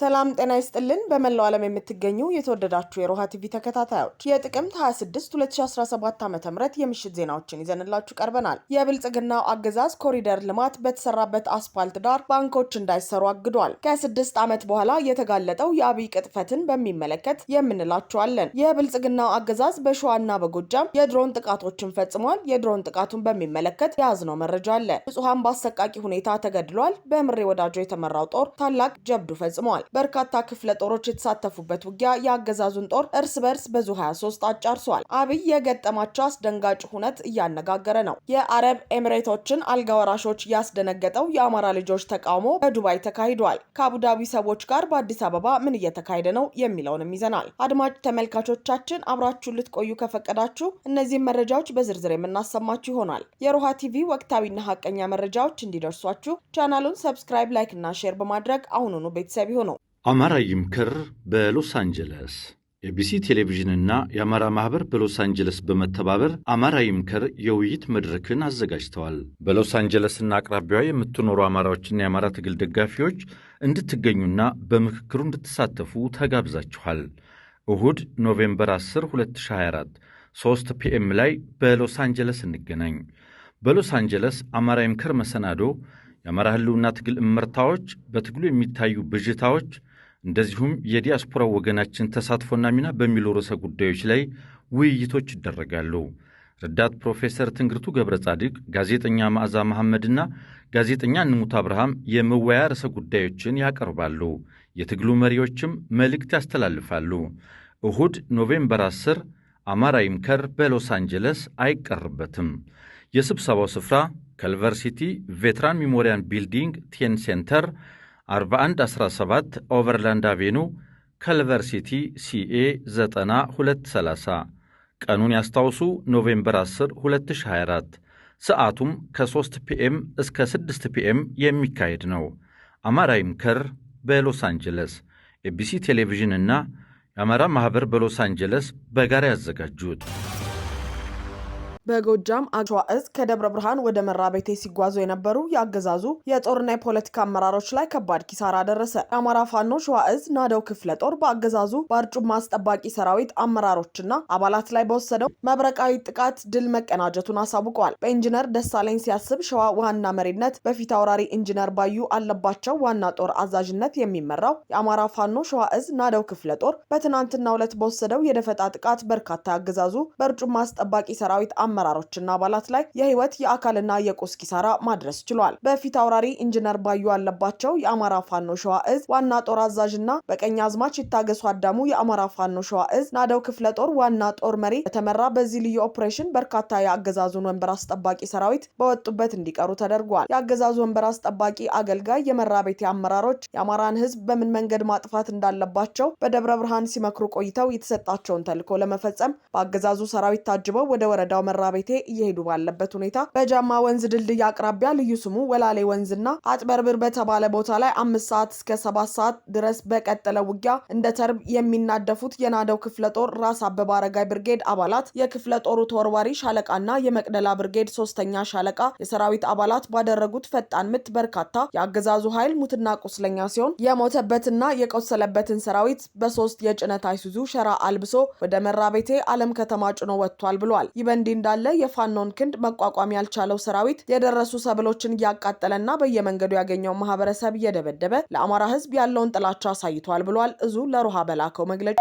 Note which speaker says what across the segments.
Speaker 1: ሰላም ጤና ይስጥልን። በመላው ዓለም የምትገኙ የተወደዳችሁ የሮሃ ቲቪ ተከታታዮች የጥቅምት 26 2017 ዓ ም የምሽት ዜናዎችን ይዘንላችሁ ቀርበናል። የብልጽግናው አገዛዝ ኮሪደር ልማት በተሰራበት አስፋልት ዳር ባንኮች እንዳይሰሩ አግዷል። ከስድስት ዓመት በኋላ የተጋለጠው የአብይ ቅጥፈትን በሚመለከት የምንላችኋለን። የብልጽግናው አገዛዝ በሸዋና በጎጃም የድሮን ጥቃቶችን ፈጽሟል። የድሮን ጥቃቱን በሚመለከት የያዝነው መረጃ አለ። ንጹሐን በአሰቃቂ ሁኔታ ተገድሏል። በምሬ ወዳጆ የተመራው ጦር ታላቅ ጀብዱ ፈጽሟል። በርካታ ክፍለ ጦሮች የተሳተፉበት ውጊያ የአገዛዙን ጦር እርስ በርስ በዙ 23 አጫርሷል። አብይ የገጠማቸው አስደንጋጭ ሁነት እያነጋገረ ነው። የአረብ ኤምሬቶችን አልጋ ወራሾች ያስደነገጠው የአማራ ልጆች ተቃውሞ በዱባይ ተካሂዷል። ከአቡዳቢ ሰዎች ጋር በአዲስ አበባ ምን እየተካሄደ ነው የሚለውንም ይዘናል። አድማጭ ተመልካቾቻችን አብራችሁ ልትቆዩ ከፈቀዳችሁ እነዚህም መረጃዎች በዝርዝር የምናሰማችሁ ይሆናል። የሮሃ ቲቪ ወቅታዊና ሀቀኛ መረጃዎች እንዲደርሷችሁ ቻናሉን ሰብስክራይብ፣ ላይክ እና ሼር በማድረግ አሁኑኑ ቤተሰብ ይሁኑ።
Speaker 2: አማራ ይምከር በሎስ አንጀለስ የቢሲ ቴሌቪዥንና የአማራ ማህበር በሎስ አንጀለስ በመተባበር አማራ ይምከር የውይይት መድረክን አዘጋጅተዋል። በሎስ አንጀለስና አቅራቢያዋ የምትኖሩ አማራዎችና የአማራ ትግል ደጋፊዎች እንድትገኙና በምክክሩ እንድትሳተፉ ተጋብዛችኋል። እሁድ ኖቬምበር 10 2024 3 ፒኤም ላይ በሎስ አንጀለስ እንገናኝ። በሎስ አንጀለስ አማራ ይምከር መሰናዶ የአማራ ህልውና ትግል እመርታዎች፣ በትግሉ የሚታዩ ብዥታዎች እንደዚሁም የዲያስፖራ ወገናችን ተሳትፎና ሚና በሚሉ ርዕሰ ጉዳዮች ላይ ውይይቶች ይደረጋሉ። ረዳት ፕሮፌሰር ትንግርቱ ገብረ ጻድቅ፣ ጋዜጠኛ ማዕዛ መሐመድና ጋዜጠኛ ንሙት አብርሃም የመወያ ርዕሰ ጉዳዮችን ያቀርባሉ። የትግሉ መሪዎችም መልእክት ያስተላልፋሉ። እሁድ ኖቬምበር 10 አማራ ይምከር በሎስ አንጀለስ አይቀርበትም። የስብሰባው ስፍራ ከልቨር ቬትራን ሚሞሪያል ቢልዲንግ ቴን ሴንተር 17 ኦቨርላንድ አቬኑ ከልቨር ሲቲ ሲኤ 9230 ቀኑን ያስታውሱ ኖቬምበር 10 2024። ሰዓቱም ከ3 ፒኤም እስከ 6 ፒኤም የሚካሄድ ነው። አማራ ይምከር በሎስ አንጀለስ ኤቢሲ ቴሌቪዥን እና የአማራ ማኅበር በሎስ አንጀለስ በጋራ ያዘጋጁት
Speaker 1: በጎጃም አሸዋ እዝ ከደብረ ብርሃን ወደ መራቤቴ ሲጓዙ የነበሩ የአገዛዙ የጦርና የፖለቲካ አመራሮች ላይ ከባድ ኪሳራ ደረሰ። የአማራ ፋኖ ሸዋ እዝ ናደው ክፍለ ጦር በአገዛዙ በአርጩማ ማስጠባቂ ሰራዊት አመራሮችና አባላት ላይ በወሰደው መብረቃዊ ጥቃት ድል መቀናጀቱን አሳውቀዋል። በኢንጂነር ደሳለኝ ሲያስብ ሸዋ ዋና መሪነት በፊት አውራሪ ኢንጂነር ባዩ አለባቸው ዋና ጦር አዛዥነት የሚመራው የአማራ ፋኖ ሸዋ እዝ ናደው ክፍለ ጦር በትናንትናው ዕለት በወሰደው የደፈጣ ጥቃት በርካታ አገዛዙ በእርጩማ ማስጠባቂ ሰራዊት አመራሮችና አባላት ላይ የህይወት የአካልና የቁስ ኪሳራ ማድረስ ችሏል። በፊት አውራሪ ኢንጂነር ባዩ አለባቸው የአማራ ፋኖ ሸዋ እዝ ዋና ጦር አዛዥና በቀኝ አዝማች ይታገሱ አዳሙ የአማራ ፋኖ ሸዋ እዝ ናደው ክፍለ ጦር ዋና ጦር መሪ የተመራ በዚህ ልዩ ኦፕሬሽን በርካታ የአገዛዙን ወንበር አስጠባቂ ሰራዊት በወጡበት እንዲቀሩ ተደርጓል። የአገዛዙ ወንበር አስጠባቂ አገልጋይ የመራ ቤቴ አመራሮች የአማራን ህዝብ በምን መንገድ ማጥፋት እንዳለባቸው በደብረ ብርሃን ሲመክሩ ቆይተው የተሰጣቸውን ተልዕኮ ለመፈጸም በአገዛዙ ሰራዊት ታጅበው ወደ ወረዳው መራ ቤቴ እየሄዱ ባለበት ሁኔታ በጃማ ወንዝ ድልድይ አቅራቢያ ልዩ ስሙ ወላሌ ወንዝና አጥበርብር በተባለ ቦታ ላይ አምስት ሰዓት እስከ ሰባት ሰዓት ድረስ በቀጠለ ውጊያ እንደ ተርብ የሚናደፉት የናደው ክፍለ ጦር ራስ አበባ አረጋይ ብርጌድ አባላት፣ የክፍለ ጦሩ ተወርዋሪ ሻለቃና የመቅደላ ብርጌድ ሶስተኛ ሻለቃ የሰራዊት አባላት ባደረጉት ፈጣን ምት በርካታ የአገዛዙ ኃይል ሙትና ቁስለኛ ሲሆን የሞተበትና የቆሰለበትን ሰራዊት በሶስት የጭነት አይሱዙ ሸራ አልብሶ ወደ መራቤቴ አለም ከተማ ጭኖ ወጥቷል ብሏል። ይበንዲ እንዳለ የፋኖን ክንድ መቋቋም ያልቻለው ሰራዊት የደረሱ ሰብሎችን እያቃጠለና በየመንገዱ ያገኘው ማህበረሰብ እየደበደበ ለአማራ ህዝብ ያለውን ጥላቻ አሳይቷል ብሏል። እዙ ለሮሃ በላከው መግለጫ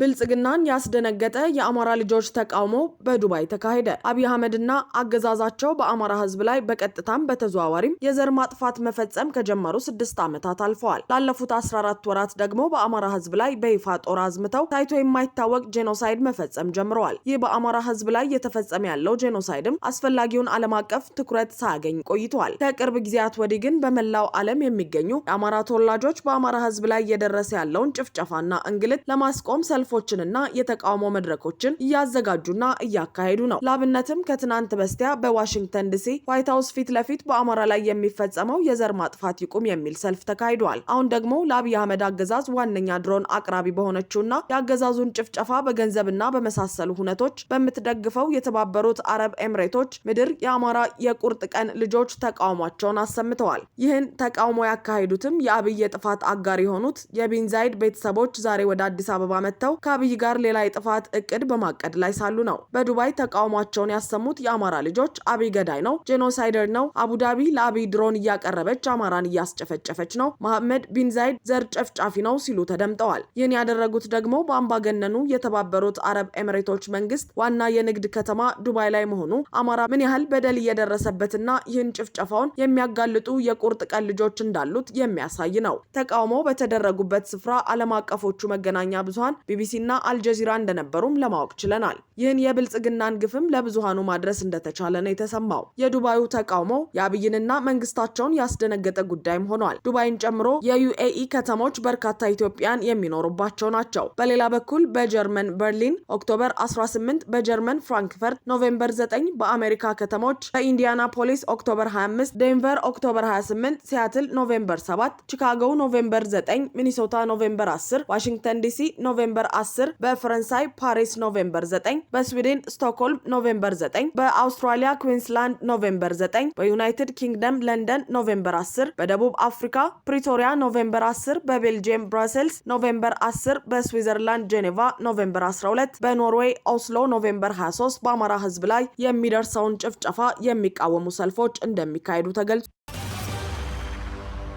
Speaker 1: ብልጽግናን ያስደነገጠ የአማራ ልጆች ተቃውሞ በዱባይ ተካሄደ። አብይ አህመድና አገዛዛቸው በአማራ ህዝብ ላይ በቀጥታም በተዘዋዋሪም የዘር ማጥፋት መፈጸም ከጀመሩ ስድስት ዓመታት አልፈዋል። ላለፉት 14 ወራት ደግሞ በአማራ ህዝብ ላይ በይፋ ጦር አዝምተው ታይቶ የማይታወቅ ጄኖሳይድ መፈጸም ጀምረዋል። ይህ በአማራ ህዝብ ላይ እየተፈጸመ ያለው ጄኖሳይድም አስፈላጊውን ዓለም አቀፍ ትኩረት ሳያገኝ ቆይተዋል። ከቅርብ ጊዜያት ወዲህ ግን በመላው ዓለም የሚገኙ የአማራ ተወላጆች በአማራ ህዝብ ላይ እየደረሰ ያለውን ጭፍጨፋና እንግልት ለማስቆም ሰልፍ ሰልፎችንና የተቃውሞ መድረኮችን እያዘጋጁና እያካሄዱ ነው። ላብነትም ከትናንት በስቲያ በዋሽንግተን ዲሲ ዋይት ሀውስ ፊት ለፊት በአማራ ላይ የሚፈጸመው የዘር ማጥፋት ይቁም የሚል ሰልፍ ተካሂዷል። አሁን ደግሞ ለአብይ አህመድ አገዛዝ ዋነኛ ድሮን አቅራቢ በሆነችውና የአገዛዙን ጭፍጨፋ በገንዘብና በመሳሰሉ ሁነቶች በምትደግፈው የተባበሩት አረብ ኤምሬቶች ምድር የአማራ የቁርጥ ቀን ልጆች ተቃውሟቸውን አሰምተዋል። ይህን ተቃውሞ ያካሄዱትም የአብይ የጥፋት አጋር የሆኑት የቢንዛይድ ቤተሰቦች ዛሬ ወደ አዲስ አበባ መጥተው ከአብይ ጋር ሌላ የጥፋት እቅድ በማቀድ ላይ ሳሉ ነው። በዱባይ ተቃውሟቸውን ያሰሙት የአማራ ልጆች አብይ ገዳይ ነው፣ ጄኖሳይደር ነው፣ አቡዳቢ ለአብይ ድሮን እያቀረበች አማራን እያስጨፈጨፈች ነው፣ መሐመድ ቢንዛይድ ዘር ጨፍጫፊ ነው ሲሉ ተደምጠዋል። ይህን ያደረጉት ደግሞ በአምባገነኑ የተባበሩት አረብ ኤምሬቶች መንግስት ዋና የንግድ ከተማ ዱባይ ላይ መሆኑ አማራ ምን ያህል በደል እየደረሰበትና ይህን ጭፍጨፋውን የሚያጋልጡ የቁርጥ ቀን ልጆች እንዳሉት የሚያሳይ ነው። ተቃውሞ በተደረጉበት ስፍራ ዓለም አቀፎቹ መገናኛ ብዙሀን ቢቢ ቢቢሲና አልጀዚራ እንደነበሩም ለማወቅ ችለናል። ይህን የብልጽግናን ግፍም ለብዙሃኑ ማድረስ እንደተቻለ ነው የተሰማው። የዱባዩ ተቃውሞ የአብይንና መንግስታቸውን ያስደነገጠ ጉዳይም ሆኗል። ዱባይን ጨምሮ የዩኤኢ ከተሞች በርካታ ኢትዮጵያን የሚኖሩባቸው ናቸው። በሌላ በኩል በጀርመን በርሊን ኦክቶበር 18፣ በጀርመን ፍራንክፈርት ኖቬምበር 9፣ በአሜሪካ ከተሞች በኢንዲያናፖሊስ ኦክቶበር 25፣ ዴንቨር ኦክቶበር 28፣ ሲያትል ኖቬምበር 7፣ ቺካጎ ኖቬምበር 9፣ ሚኒሶታ ኖቬምበር 10፣ ዋሽንግተን ዲሲ ኖቬምበር 10 በፈረንሳይ ፓሪስ ኖቬምበር 9 በስዊድን ስቶክሆልም ኖቬምበር 9 በአውስትራሊያ ኩዊንስላንድ ኖቬምበር 9 በዩናይትድ ኪንግደም ለንደን ኖቬምበር 10 በደቡብ አፍሪካ ፕሪቶሪያ ኖቬምበር 10 በቤልጅየም ብራሰልስ ኖቬምበር 10 በስዊዘርላንድ ጄኔቫ ኖቬምበር 12 በኖርዌይ ኦስሎ ኖቬምበር 23 በአማራ ህዝብ ላይ የሚደርሰውን ጭፍጨፋ የሚቃወሙ ሰልፎች እንደሚካሄዱ ተገልጿል።